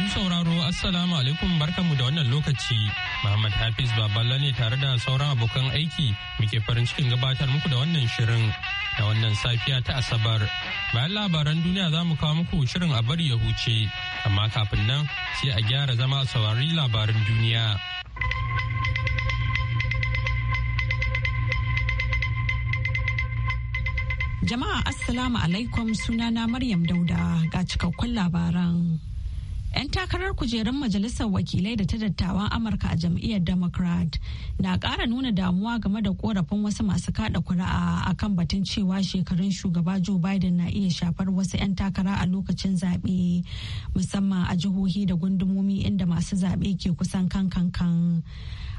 Masu sauraro Assalamu alaikum barkanmu da wannan lokaci. Muhammad Hafiz Baballa ne tare da sauran abokan aiki muke farin cikin gabatar muku da wannan shirin da wannan safiya ta Asabar. Bayan labaran duniya za mu kawo muku shirin a bari ya huce, amma kafin nan sai a gyara zama a saurari labaran duniya. Jama'a Assalamu alaikum sunana Maryam Dauda ga cikakkun labaran. 'Yan takarar kujerun Majalisar Wakilai da ta dattawan Amurka a jam'iyyar Democrat na ƙara nuna damuwa game da korafin wasu masu kada kuri'a a kan batun cewa shekarun shugaba Joe Biden na iya shafar wasu 'yan takara a lokacin zaɓe musamman a jihohi da gundumomi inda masu zaɓe ke kusan kan kankan.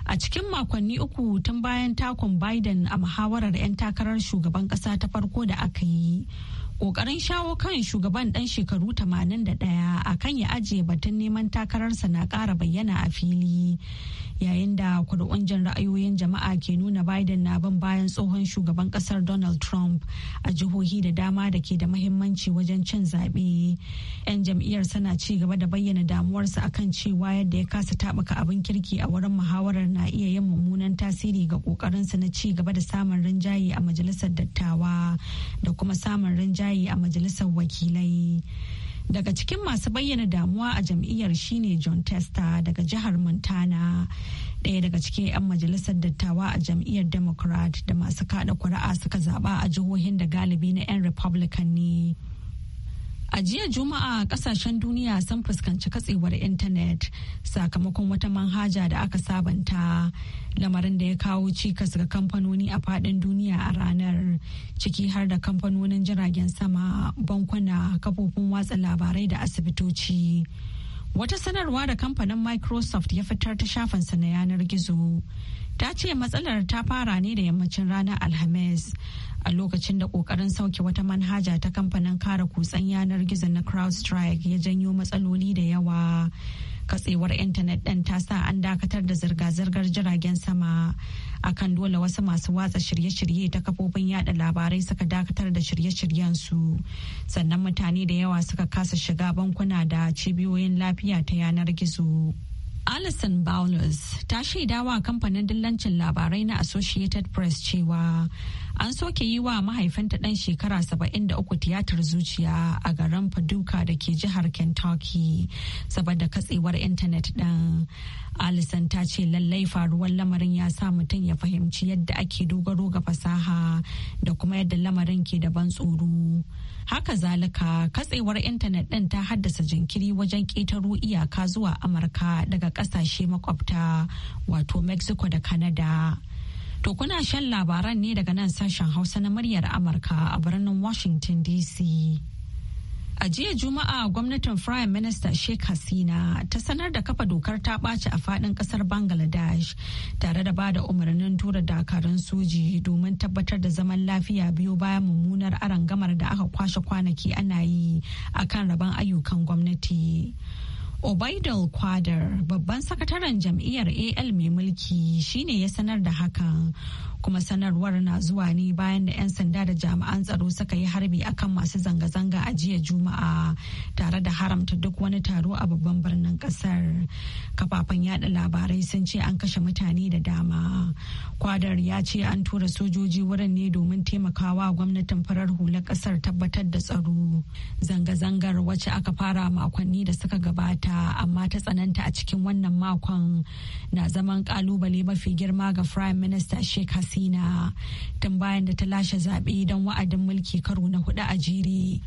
A cikin makonni uku tun bayan takon Biden a muhawarar 'yan takarar shugaban ƙasa ta farko da aka yi. kokarin shawo kan shugaban dan shekaru 81 a kan ya ajiye batun neman takararsa na ƙara bayyana a fili yayin da kuri'un jan ra'ayoyin jama'a ke nuna biden na ban bayan tsohon shugaban kasar donald trump a jihohi da dama da ke da mahimmanci wajen cin zaɓe 'yan jam'iyyar suna ci gaba da bayyana damuwarsu akan cewa yadda ya kasa taɓuka abin kirki a wurin muhawarar na iya yin mummunan tasiri ga ƙoƙarinsa na ci gaba da samun rinjaye a majalisar dattawa da kuma samun rinjaye a majalisar wakilai daga cikin masu bayyana damuwa a jam'iyyar shine john testa daga jihar montana ɗaya daga cikin 'yan majalisar dattawa a jam'iyyar democrat da masu kada kuri'a suka zaba a jihohin da galibi na 'yan republican ne A jiya Juma'a kasashen duniya sun fuskanci katsewar intanet sakamakon wata manhaja da aka sabanta lamarin da ya kawo cikas ga kamfanoni a fadin duniya a ranar ciki har da kamfanonin jiragen sama bankuna kafofin watsa labarai da asibitoci. Wata sanarwa da kamfanin Microsoft ya fitar ta shafinsa na yanar gizo. Ta ce matsalar ta fara ne da yammacin ranar Alhamis a lokacin da kokarin sauke wata manhaja ta kamfanin kare kutsen yanar gizo na crowdstrike ya janyo matsaloli da yawa katsewar intanet ɗin ta sa an dakatar da zirga-zirgar jiragen sama akan dole wasu masu watsa shirye-shirye ta kafofin yada labarai suka dakatar da shirye-shiryen su sannan mutane da yawa suka kasa shiga bankuna da cibiyoyin lafiya ta yanar gizo. Alison Bowles ta shaidawa kamfanin dillancin labarai na Associated Press cewa an soke yi wa mahaifinta ɗan shekara 73 tiyatar zuciya a garin Paducah da ke jihar Kentucky saboda katsewar intanet ɗin. Alison ta ce lallai faruwar lamarin ya sa mutum ya fahimci yadda ake dogaro ga fasaha da kuma yadda lamarin ke da ban tsoro. Haka zalika katsewar intanet ɗin ta haddasa jinkiri wajen ƙetaro iyaka zuwa Amurka daga kasashe makwabta wato mexico da canada to kuna shan labaran ne daga nan sashen hausa na muryar amurka a birnin washington dc A jiya Juma'a gwamnatin Prime Minister Sheikh Hasina ta sanar da kafa dokar ta ɓaci a faɗin ƙasar Bangladesh tare da bada umarnin tura dakarun soji domin tabbatar da zaman lafiya biyu bayan mummunar arangamar da aka kwashe kwanaki ana yi a kan rabon ayyukan gwamnati. Obaidal Kwadar babban sakataren jam'iyyar AL mai mulki shine ya sanar da hakan kuma sanarwar na zuwa ne bayan da 'yan sanda da jami'an tsaro suka yi harbi akan masu zanga-zanga a jiya juma'a tare da haramta duk wani taro a babban birnin kasar kafafen yada labarai sun ce an kashe mutane da dama kwadar ya ce an tura sojoji wurin ne domin taimakawa gwamnatin farar hula kasar tabbatar da tsaro zanga-zangar wacce aka fara makonni da suka gabata amma ta tsananta a cikin wannan makon na zaman kalubale mafi girma ga prime minister sheikh Falasina tun bayan da ta lashe zaɓe don wa'adin mulki karo na hudu a jere.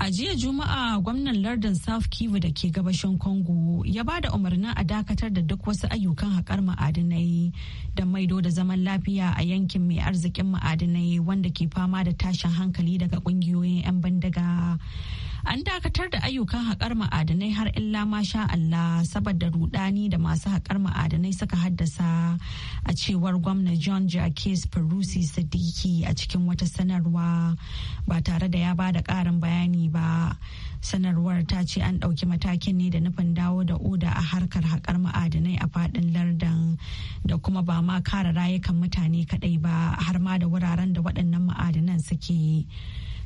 A jiya Juma'a gwamnan lardin South Kivu da ke gabashin Congo ya ba da umarnin a dakatar da duk wasu ayyukan haƙar ma'adinai da maido da zaman lafiya a yankin mai arzikin ma'adinai wanda ke fama da tashin hankali daga ƙungiyoyin 'yan bandaga. an dakatar da ayyukan haƙar ma'adanai har illa masha Allah saboda rudani da masu haƙar ma'adanai suka haddasa a cewar gwamna John Jacques Perusi Sadiki a cikin wata sanarwa ba tare da ya bada ƙarin bayani ba. Sanarwar ta ce an ɗauki matakin ne da nufin dawo da oda a harkar haƙar ma'adanai a faɗin lardan da kuma ba ma kare rayukan mutane kaɗai ba har ma da wuraren da waɗannan ma'adanan suke.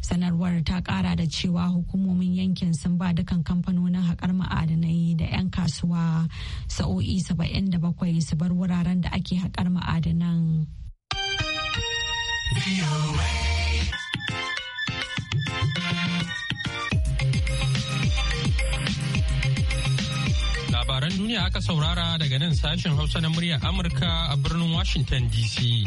sanarwar ta kara da cewa hukumomin yankin sun ba dukan kamfanonin haƙar ma'adanai da 'yan kasuwa sa'o'i 77 su bar wuraren da ake haƙar ma'adanan. Labaran duniya aka saurara daga nan sashen Hausa na muryar Amurka a birnin Washington DC.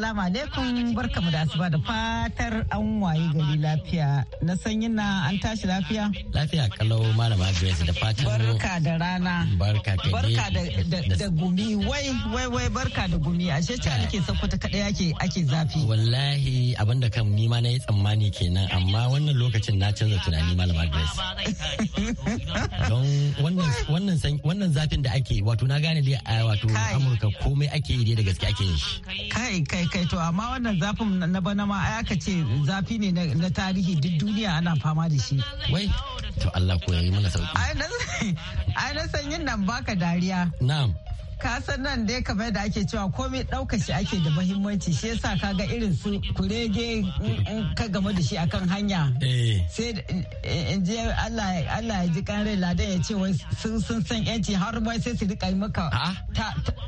Assalamu alaikum barkamu da asuba da fatar an waye gari lafiya na sanyin na an tashi lafiya. Lafiya kalau malama Grace da fatan Barka da rana. Barka da da gumi wai wai wai barka da gumi ashe ta nake sakkwato kada yake ake zafi. Wallahi abinda kam ni ma nayi tsammani kenan amma wannan lokacin na canza tunani malama Grace. Don wannan zafin da ake wato na gane dai a wato Amurka komai ake yi dai da gaske ake yi shi. Kai kai kai to amma wannan zafin na bana ma aka ce zafi ne na tarihi duk duniya ana fama da shi. Wai to Allah ko yayi mana sauki ai na sanyin nan baka dariya na'am ka san nan dai kamar da ake cewa komai ɗauka shi ake da mahimmanci shi yasa kaga irin su kurege in ka gama da shi akan hanya eh. sai in je Allah ya ji kan rai ladan ya ce wai sun sun san yanci har wai sai su rika maka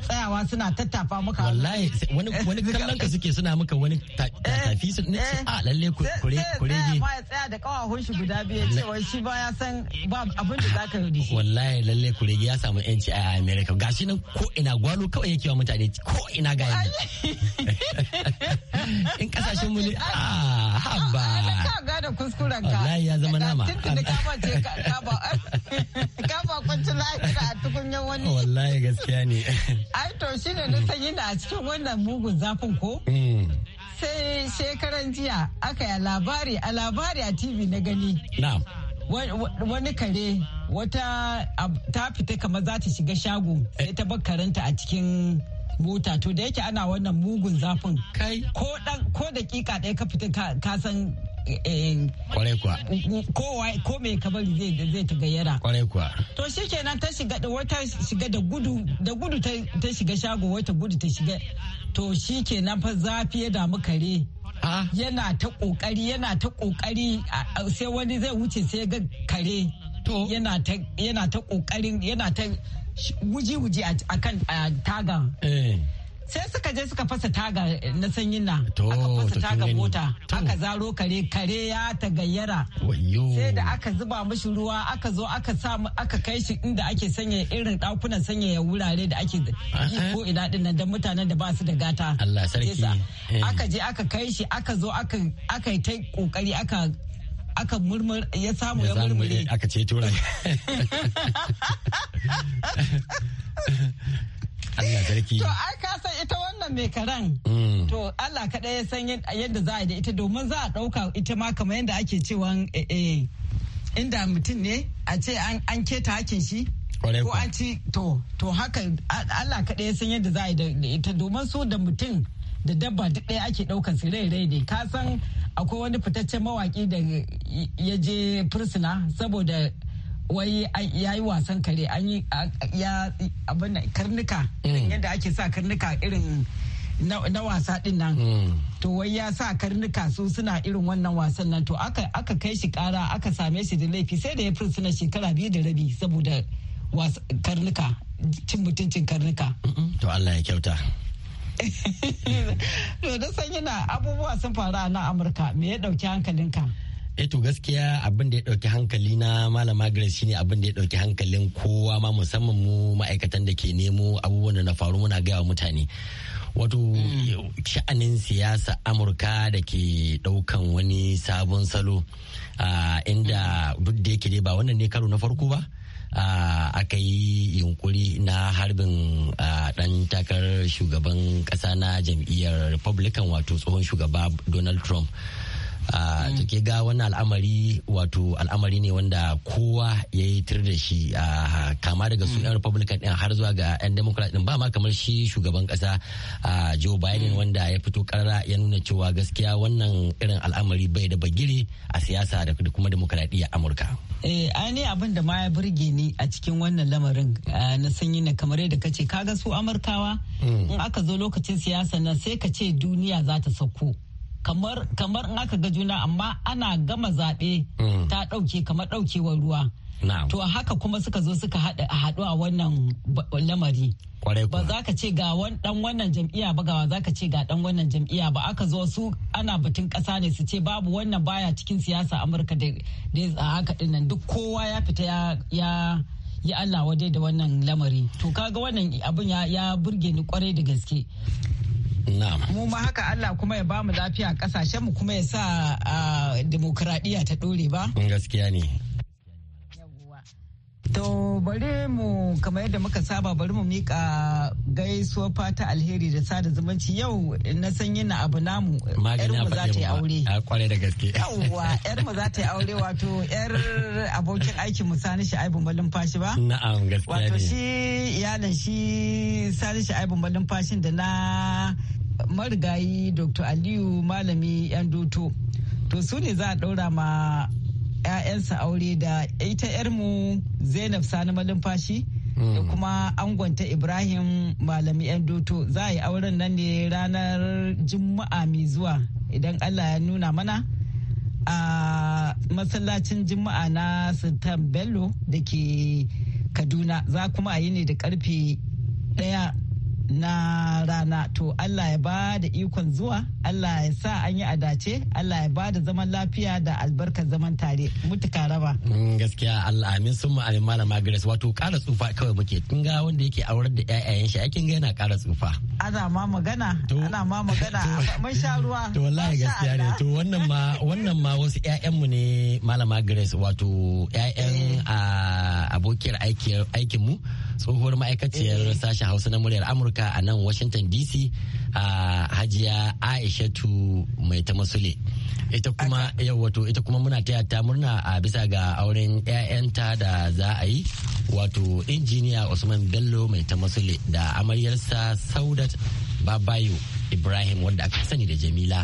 tsayawa suna tattafa maka wallahi wani wani kallon ka suke suna maka wani eh, tafi su ne eh. a ah, lalle kurege kurege ya tsaya da kawahun shi guda biyu ya ce wai shi ba ya san ba abin da zaka yi wallahi lalle kurege ya samu yanci a America gashi nan ko ina gwalo kawai yake wa mutane ko ina ga in kasashen mu ne a ah, haba ka gada kuskuren ka wallahi ya zama nama ka ba kwanci lafiya a tukunyan wani wallahi gaskiya ne ai to shine na sanyi da a cikin wannan mugun zafin ko hmm. sai shekaran jiya aka yi labari a labari a tv na gani na'am wani kare wata ta fita kamar za ta shiga shago sai ta bar karanta a cikin mota to da yake ana wannan mugun zafin kai ko dan ko dakika ɗaya ka fita ka san eh, eh, kwarai kuwa kowa ko mai kabari zai zai ta gayyara kwarai kuwa to shikenan ta shiga da wata shiga da gudu da gudu ta shiga shago wata gudu ta shiga to shikenan fa zafi ya damu kare yana ta kokari yana ta kokari sai wani zai wuce sai ga kare yana ta kokarin yana ta wuji-wuji a kan tagan eh. sai suka je suka fasa taga eh, na sanyin na aka fasa taga mota aka zaro kare kare ya ta gayyara sai da aka zuba mashi ruwa aka zo aka sa aka kai shi inda ake sanya irin dakunan ya wurare da ake ko ina din nan mutanen da ba su da gata Allah sarki eh. aka je aka kai shi aka zo aka aka yi ta kokari aka aka murmur ya samu ya murmure eh, aka ce tura Allah sarki. To ai ka san ita wannan mai karan. Hmm. To Allah kaɗai ya san yadda za a da ita domin za a ɗauka ita ma kamar yadda ake cewa eh, eh, inda mutum ne a ce an keta hakin shi ko an ci to to haka Allah kaɗai ya san yadda za a da ita domin so da mutum da dabba duk ɗaya ake ɗaukar su rai rai ne ka san akwai wani fitaccen mawaki da ya je fursuna saboda wai ya yi wasan kare an yi abin karnuka mm. yadda ake sa karnuka irin na wasa din nan mm. to wai ya sa karnuka su suna irin wannan wasan nan to aka kai shi kara aka same shi da laifi sai da ya fi suna shekara biyu da rabi saboda karnuka cin mutuncin karnuka to Allah ya kyauta to da san yana abubuwa sun faru a nan Amurka me ya dauki hankalinka eh to gaskiya abin da ya dauki hankali na malama grace shine abin da ya dauki hankalin kowa ma musamman mu ma'aikatan da ke nemo abubuwan da na faru muna gaya wa mutane wato mm. sha'anin siyasa amurka da ke daukan wani sabon salo inda mm. duk da yake ba wannan ne karo na farko ba aka yi yunkuri na harbin dan takarar shugaban ƙasa na jam'iyyar republican wato tsohon shugaba donald trump ta ke ga wannan al'amari wato al'amari ne wanda kowa ya yi tir da shi kama daga su mm. 'yan republican din har zuwa ga 'yan democrat din ba ma kamar shi shugaban kasa joe biden mm. wanda ya fito karara ya nuna cewa gaskiya wannan irin al'amari bai da bagiri a siyasa da kuma demokradiyyar amurka eh ne abin da ma ya burge ni a cikin wannan lamarin na sanyi na kamar yadda ka ce kaga su amurkawa mm. in aka zo lokacin siyasa na sai ka ce duniya za ta sauko kamar in aka ga juna amma ana gama zaɓe mm. ta ɗauke kamar ɗaukewar ruwa to haka kuma suka zo suka haɗu a wannan lamari ba za ka ce ga dan wannan jam'iya ba ga za ka ce ga dan wannan jam'iyya ba aka zo su ana batun ƙasa ne su ce babu wannan baya cikin siyasa amurka da haka dinnan duk kowa ya fita ya yi Allah wadai da wannan lamari to kaga wannan abin ya burge ni kwarai da gaske mu ma haka Allah kuma ya bamu lafiya kasashen mu kuma ya sa ah, dimokuraɗiyya ta ɗore ba gaskiya ne To bari mu kamar yadda muka saba bari mu mika gaisuwar fata alheri da sada zumunci yau na san yana abu namu yarmu mu za ta yi aure. A ah, kwarai da gaske. Yawwa yarmu mu za ta yi aure wato yar abokin aikin mu Sani malin Fashi ba? Na'am gaskiya ne. Wato shi iyalan shi Sani malin Fashin da na marigayi Dr. Aliyu Malami Yandoto. To su ne za a ɗaura ma 'ya'yansa aure da ita 'yarmu zainab sani malumfashi da mm. kuma angonta ibrahim malami yan doto za a yi auren nan ne ranar juma'a mai zuwa idan allah ya nuna mana a masallacin juma'a na sultan bello da ke kaduna za kuma a yi ne da karfe ɗaya na rana to Allah ya ba da ikon zuwa Allah ya sa an yi adace Allah ya ba da zaman lafiya da albarkar zaman tare mutuka raba mm, gaskiya Allah amin sun ma'amin malama Grace wato kara tsufa kawai muke kin ga wanda yake aurar da ƴaƴayen shi aikin ga yana kara tsufa ana ma magana ana ma magana mun sha ruwa to wallahi gaskiya ne to wannan ma wannan ma wasu ƴaƴan mu ne malama Grace wato ƴaƴan eh. ah, abokiyar aikin mu tsohuwar ma'aikaciyar eh. sashen hausa na muryar amurka a nan washington dc a hajiya aishatu mai ta masule ita kuma wato ita kuma muna taya ta murna a bisa ga auren 'ya'yanta da za a yi wato injiniya usman bello mai ta masule da amaryarsa saudat babayo ibrahim wanda aka sani da jamila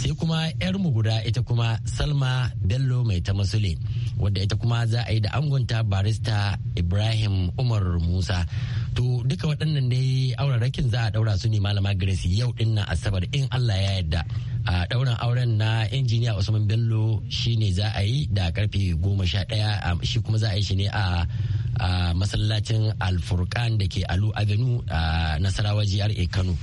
sai kuma yar mu guda ita kuma salma bello mai ta masule wadda ita kuma za a yi da angonta barista ibrahim umar musa to duka waɗannan dai rakin za a ɗaura su ne malama grace yau ɗin nan asabar in allah ya yarda a ɗaurin auren na injiniya usman bello shine za a yi da karfe goma sha ɗaya shi kuma za a yi shi ne a a masallacin alfurkan da ke alu avenue a nasarawa gra kano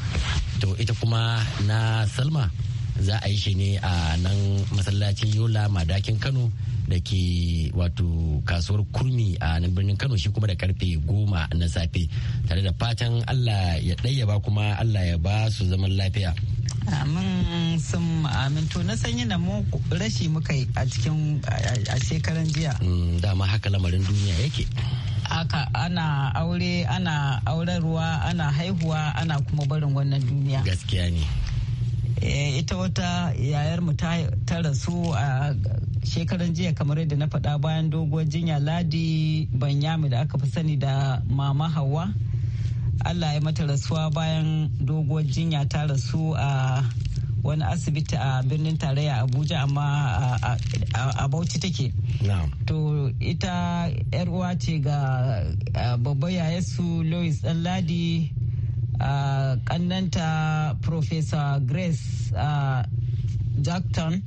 to ita kuma na salma za a yi shi ne a nan masallacin yola madakin kano da ke wato kasuwar kurmi a nan birnin kano shi kuma da karfe goma na safe tare da fatan allah ya ɗayyaba kuma allah ya ba su zaman lafiya amin sun amin to na sanyi na mu rashi muka a cikin a shekaran jiya mm, dama haka lamarin duniya yake aka ana aure ana aurarwa ana haihuwa ana kuma barin wannan duniya gaskiya ne eh, ita wata yayar mu ta rasu a shekaran jiya kamar yadda na faɗa bayan doguwar jinya ladi banyami da aka fi sani da mama hawa allah ya mata rasuwa bayan doguwar jinya ta rasu a wani asibiti a birnin tarayya abuja amma a bauchi take to ita yar uwa ce ga babba yayasu lois danladi kannanta professor grace jackton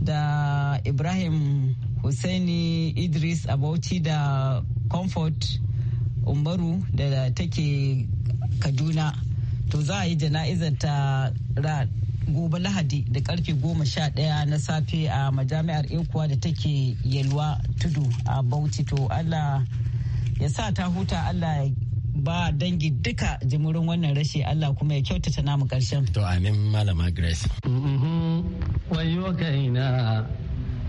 da ibrahim Hussaini idris a bauchi da comfort umaru da take kaduna to za a yi jana'izar ta gobe lahadi da karfe goma sha ɗaya na safe a majami'ar ekuwa da take yalwa tudu a bauchi to allah ya sa ta huta allah ya ba dangi duka jimurin wannan rashi allah kuma ya kyautata namu karshen to amin malama grace wayo kaina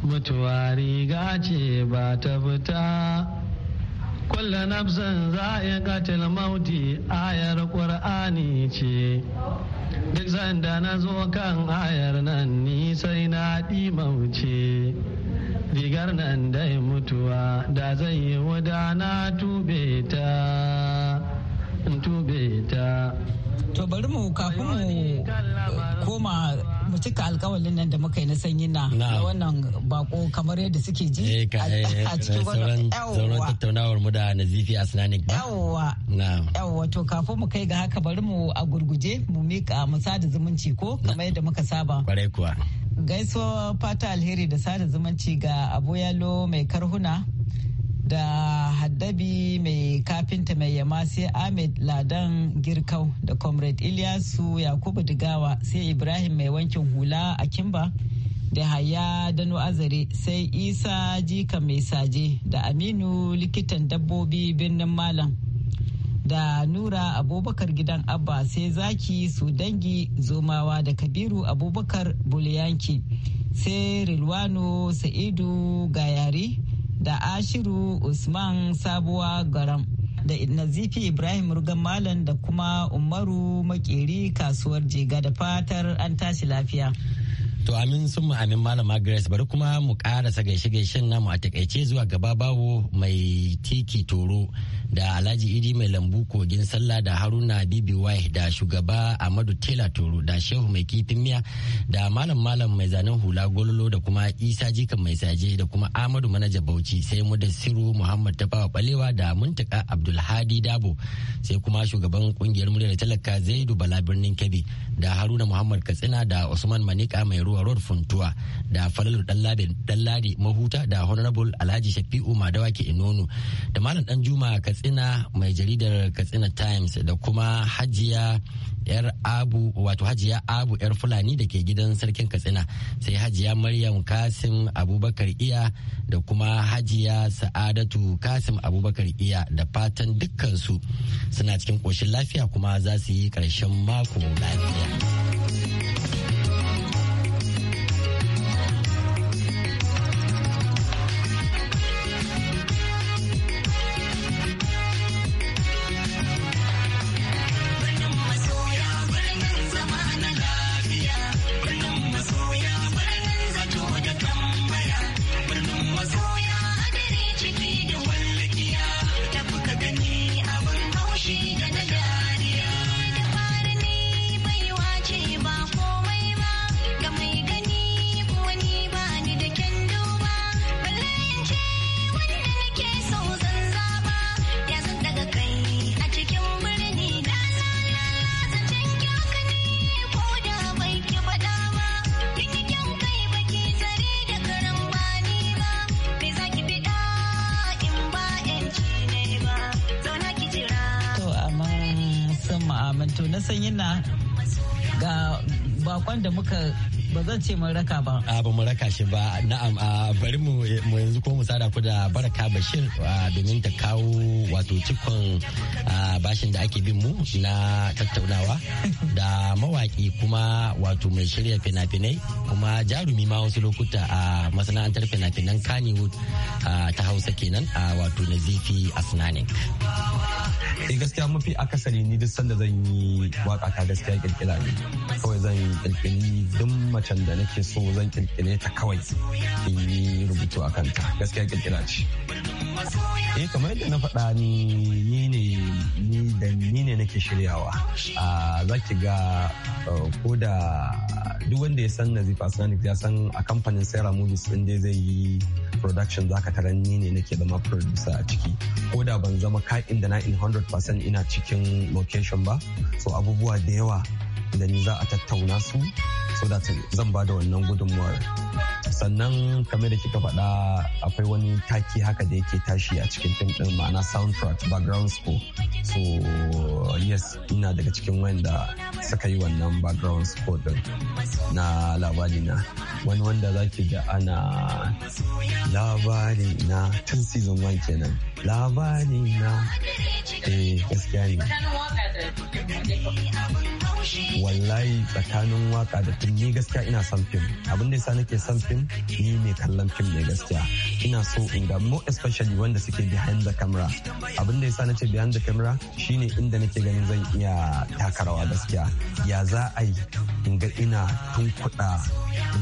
mutuwa riga ce ba ta fita kulle nafsan za a yi katil mauti ayar ƙur'ani ce duk sanda na zo kan ayar nan ni sai na ɗi mauce rigar nan dai mutuwa da zai yi wuda na tube ta tube ta to bari mu kafin mu koma mu cika alkawalin nan da muka yi na sanyi na wannan bako kamar yadda suke ji eh, eh, a cikin wannan sauran tattaunawar mu da nazifi a sinanik ba yawwa yawwa to kafin mu kai ga haka bari mu a gurguje mu mika mu sada zumunci ko kamar yadda muka saba kwarai kuwa gaisuwa fata alheri da sada zumunci ga aboyalo mai karhuna da dabi mai kafinta mai yama sai ahmed ladan girkau da comrade ilyasu yakubu digawa sai ibrahim mai wankin hula a kimba da haya dano azare sai isa jika mai saje da aminu likitan dabbobi birnin malam da nura abubakar gidan abba sai zaki su dangi zomawa da kabiru abubakar buliyanki sai rilwano sa'idu gayari da ashiru usman sabuwa garam da nazifi ibrahim rugan malam da kuma umaru makeri kasuwar jega da fatar an tashi lafiya to amin sun ma'anin malam grace bari kuma mu karasa gaishe gaishen namu a takaice zuwa gaba bawo mai tiki toro da alhaji idi mai lambu kogin sallah da haruna wai da shugaba amadu tela toro da shehu mai kifin miya da malam malam mai zanen hula gololo da kuma isa jikan mai saje da kuma amadu manaja bauchi sai mu da siru muhammad tafawa balewa da muntaka abdulhadi dabo sai kuma shugaban kungiyar muryar talaka zaidu bala birnin kebbi da haruna muhammad katsina da usman manika mai ruwa road funtuwa da falalu dalladi mahuta da honorable alhaji shafi'u madawaki inono da malam dan juma katsina katsina mai jaridar katsina times da kuma hajiya yar abu wato hajiya abu yar fulani da ke gidan sarkin katsina sai hajiya maryam kasim abubakar iya da kuma hajiya sa'adatu kasim abubakar iya da fatan dukkansu suna cikin koshin lafiya kuma za su yi ƙarshen mako lafiya. ce mun raka ba. A ba mu raka shi ba na'am a bari mu yanzu ko mu sada ku da baraka bashir domin ta kawo wato cikon bashin da ake bin mu na tattaunawa da mawaki kuma wato mai shirya fina-finai kuma jarumi ma wasu lokuta a masana'antar fina-finan Kannywood ta Hausa kenan a wato zifi Asnanik. eh gaskiya mafi akasari ni duk sanda zan yi waka ta gaskiya kirkira ne kawai zan yi kirkiri duk macen da da nake so zan kirkire ta kawai in yi rubutu a kanta gaskiya kirkira ce eh kamar yadda na faɗa ni ni ne ni da ni ne nake shiryawa a za ki ga eh, ko da duk wanda ya san Nazifa Sonic ya san a kamfanin Sera Movies din dai zai yi production zaka taran ni ne nake zama producer a ciki ko da ban zama ka'in da na in 100% ina cikin location ba so abubuwa da yawa da ni za a tattauna su so da zan ba da wannan gudunmuwar sannan kamar da kika faɗa akwai wani taki haka da yake tashi a cikin fim din ma'ana soundtrack background score so yes ina daga cikin wanda suka yi wannan background score din na labari na wani wanda zaki ga ana labari na tun season one kenan labari na eh gaskiya ne wallahi tsakanin waka da fim ni gaskiya ina son fim abin da yasa nake son fim ni mai kallon fim ne gaskiya ina so in ga mo especially wanda suke behind the camera abin da yasa nace behind the camera shine inda nake ganin zan iya takarawa gaskiya ya za a yi in ga ina tun kuɗa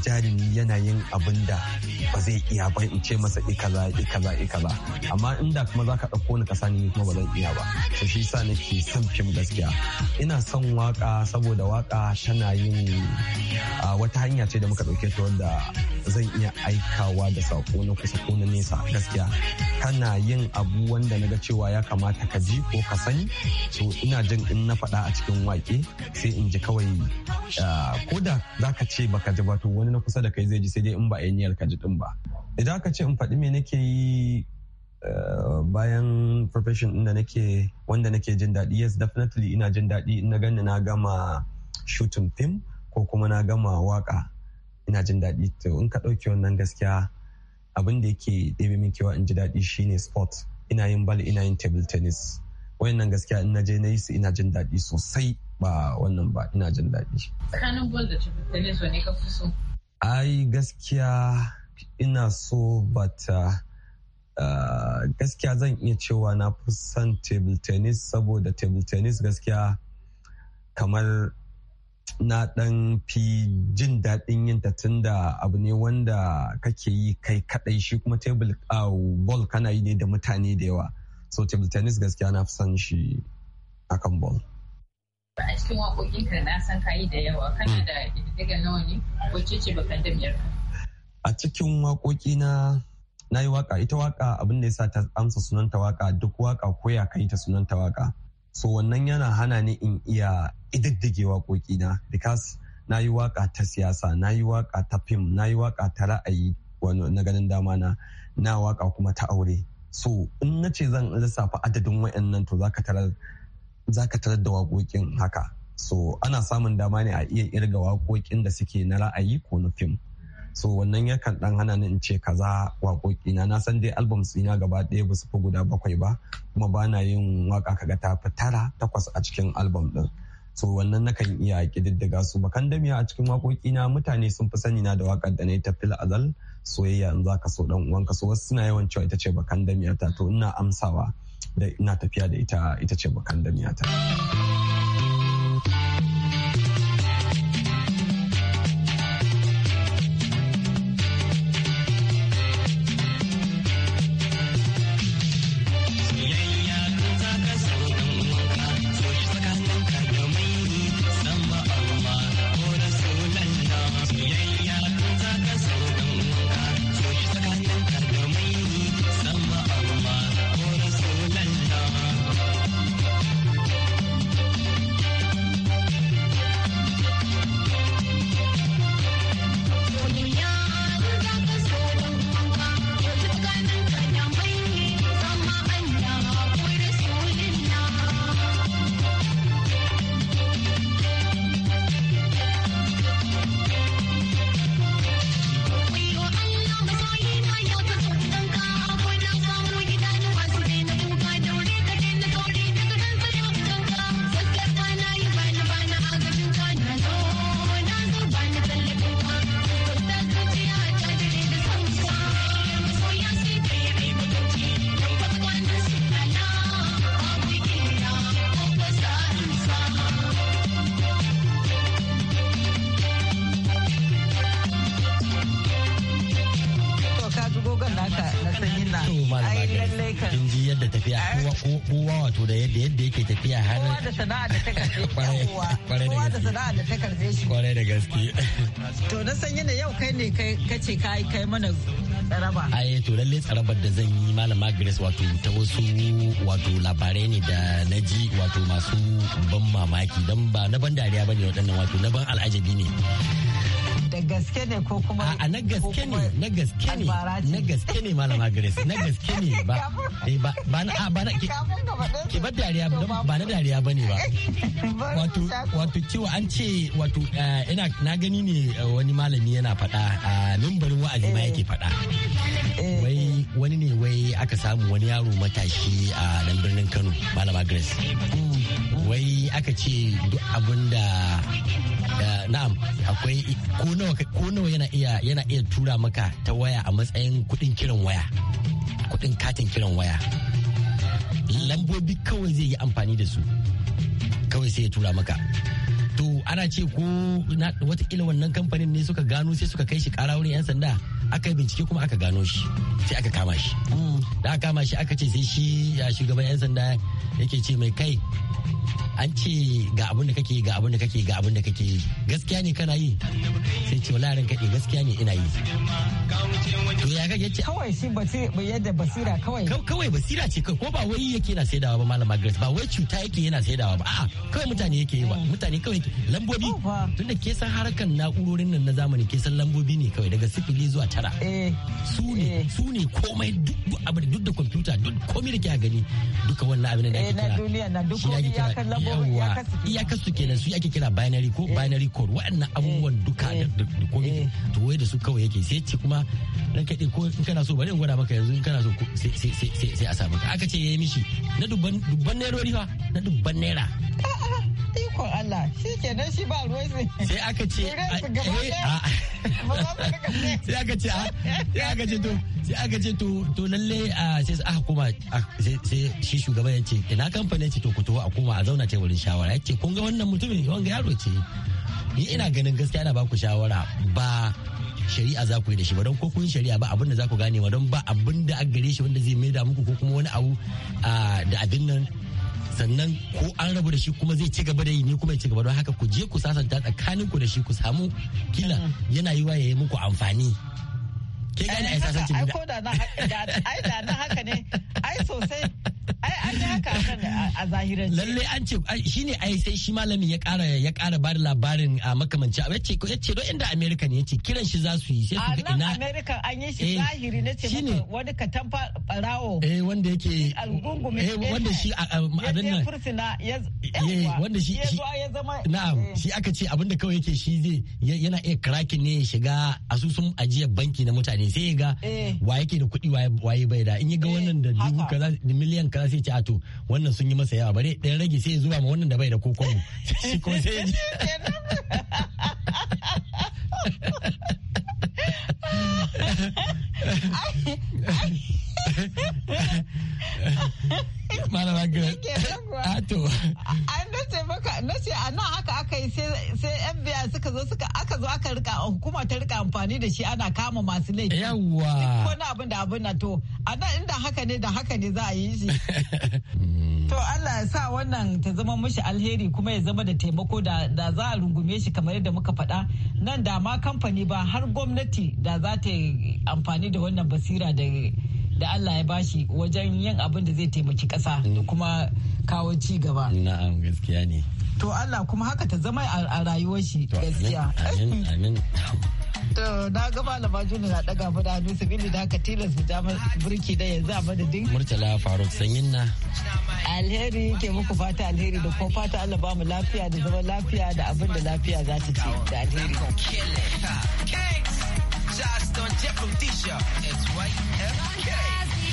jarumi yana yin abin da ba zai iya ba in ce masa i eh, kaza i eh, kaza i eh, kaza amma inda kuma zaka ɗauko ni ka sani kuma ba zan iya ba to shi yasa nake son fim gaskiya ina son waka saboda waka tana yin wata hanya ce da muka ɗauke ta wanda zan iya aikawa da sako na kusa ko na nesa gaskiya kana yin abu wanda na ga cewa ya kamata ka ji ko ka sani to ina jin in na faɗa a cikin wake sai in ji kawai ko da za ka ce baka ji ba to wani na kusa da kai zai ji sai dai in ba a yi niyyar ka ji din ba ba idan aka ce in faɗi me nake yi eh, bayan profession inda nake wanda nake jin daɗi yes definitely ina jin daɗi ina gani na gama shooting film ko kuma na gama waka ina jin daɗi to in ka ɗauki wannan gaskiya abin da yake ɗebe min kewa in ji daɗi shine sport ina yin bal ina yin table tennis wayannan gaskiya in naje na yi su ina jin daɗi sosai ba wannan ba ina jin daɗi tsakanin bal da table tennis wane ka fi so ai gaskiya ina so bata ta ah, gaskiya zan iya cewa na fi son table tennis saboda table tennis gaskiya kamar na dan fi jin daɗin yin ta tunda abu ne wanda kake yi kai kaɗai shi kuma table uh, ball kana yi ne da mutane da yawa so table tennis gaskiya na fi son shi akan ball a cikin waƙoƙinka na san kayi da yawa kana hmm. da ƙididdiga nawa ne wacce ce bakan damiyar ka a cikin waƙoƙi na na yi waka ita waka abin da ya sa ta amsa ta waka duk waƙa ko ya kai ta ta waka so wannan yana hana ni in iya ididdige waƙoƙi na because na yi waka ta siyasa na yi waka ta fim na yi waka ta ra'ayi na ganin dama na na waƙa kuma ta aure so in na ce zan lissafa adadin wayannan to zaka tarar zaka tarar da waƙoƙin haka so ana samun dama ne a iya irga waƙoƙin da suke na ra'ayi ko na fim so wannan yakan dan hana ni in ce kaza waƙoƙi na na san dai albums ina gaba ɗaya ba su fi guda bakwai ba kuma ba na yin waka kaga ta fi tara takwas a cikin album ɗin so wannan nakan iya ƙididdiga su bakan damiya a cikin waƙoƙi na mutane sun fi sani na da waƙar da na ta fil azal soyayya in za ka so dan uwanka so wasu suna yawan cewa ita ce bakan damiya ta to ina amsawa da ina tafiya da ita ita ce bakan damiya ta. kowa da sana'a da ta karbe kowa da sana'a da ta karbe shi kwarai da gaske to na san yana yau kai ne ka ce kai kai mana tsaraba ai to lalle tsarabar da zan yi malama Grace wato ta wasu wato labarai ne da na ji wato masu ban mamaki dan ba na ban dariya bane waɗannan wato na ban al'ajabi ne da gaske ne ko kuma a na gaske ne na gaske ne na gaske ne malama grace na gaske ne eh, ba ba na a ba na ke ba dariya ba na dariya ne ba wato wato cewa an ce wato eh, ina na gani ne eh, wani malami yana faɗa a mimbarin wa'azi ma yake faɗa wai wani ne wai aka samu wani yaro matashi a nan birnin Kano malama grace mm. wai aka ce duk abinda na'am akwai ko nawa ko nawa yana iya yana iya tura maka ta waya a matsayin kudin kiran waya kudin katin kiran waya lambobi kawai zai yi amfani da su kawai sai ya tura maka to ana ce ko watakila wannan kamfanin ne suka gano sai suka kai shi kara wurin 'yan sanda aka yi bincike kuma aka gano shi sai aka kama shi mm. da aka kama shi aka ce sai shi shugaban 'yan sanda yake ce mai kai an ce ga abin da kake ga abin da kake ga abin da kake gaskiya ne kana yi sai ce wala ran gaskiya ne ina yi to ya kake ce kawai shi yadda basira kawai kawai basira ce ko ba wai yake yana saidawa ba malama grace ba wai cuta yake yana saidawa ba a'a kawai mutane yake yi ba mutane kawai yake lambobi tunda ke san harkan na'urorin nan na zamani ke san lambobi ne kawai daga sifili zuwa tara eh. su ne eh. su ne komai duk abin duk da kwamfuta duk komai da ke gani duka wannan abin da ake eh, kira duk komai kira iyakar lambobin iyakar su su kenan su ake kira binary ko eh. binary code waɗannan eh. abubuwan duka eh. da komai to wai da su kawai yake sai ce kuma dan kai ko in kana so bari in gwada maka yanzu in kana so sai sai sai a samu aka ce yayi mishi na dubban dubban fa na dubban naira ah, ah, ah. kenan shi ba ruwan sai aka ce ah. sai aka ce ah. sai aka ce to sai aka ce to to lalle ah, sai koma sai shi shugaban ya ce ina kamfanin ce to ku to a koma a zauna teburin shawara ya ce kun ga wannan mutumin wanga yaro ce ni ina ganin gaskiya na baku shawara ba shari'a za ku yi da shi ba don ko kun shari'a ba abin da za ku gane ba don ba abin da a gare shi wanda zai maida muku ko kuma wani abu da abin nan sannan ko an rabu da shi kuma zai ci gaba da yi ne kuma ya ci gaba don haka ku je ku sasanta tsakanin ku da shi ku samu kila mm. yana yiwa ya yi muku amfani ke gane a sasancin eh, da na haka ne ai sosai ai an yi haka a zahiran lalle an ce ne ai sai shi malamin ya kara ya kara ba da labarin a makamanci ya ce ya ce inda america ne ya ce kiran shi za su yi sai su ga ina america an yi shi eh, zahiri na ce maka wani katan farawo eh wanda yake eh wanda shi abin nan eh wanda shi ya zama na'am eh. shi aka ce abinda kawai yake shi zai yana iya cracking ne ya shiga asusun ajiyar banki na mutane sai ya ga eh. wa yake da kuɗi waye bai da in ya ga wannan da dubu kaza da miliyan kaza sai ce ato wannan sun yi masa yawa bare ɗan rage sai zuwa ma wannan da bai da kokon shi ko sai malama ato na ce a nan haka aka yi sai fbi suka zo suka aka zo aka rika hukuma ta rika amfani da shi ana kama masu laifi yawwa wani abin da abin na to a nan inda haka ne da haka ne za a yi shi to Allah ya sa wannan ta zama mishi alheri kuma ya zama da taimako da za a rungume shi kamar yadda muka faɗa nan da ma kamfani ba har gwamnati da za ta amfani da wannan basira da da Allah ya bashi wajen yin abin da zai taimaki ƙasa da mm. kuma kawo ci gaba. Na'am gaskiya ne. To Allah kuma haka ta zama a rayuwar shi gaskiya. Amin amin. To na ga malama na daga mu da hannu sabili da haka tilas mu ja burki da yanzu a madadin. Murtala Faruk Sanyin na. Alheri ke muku fata alheri da ko fata Allah ba mu lafiya da zaman lafiya da abin da lafiya za ta ci da alheri. Just don't T-shirt. it's right.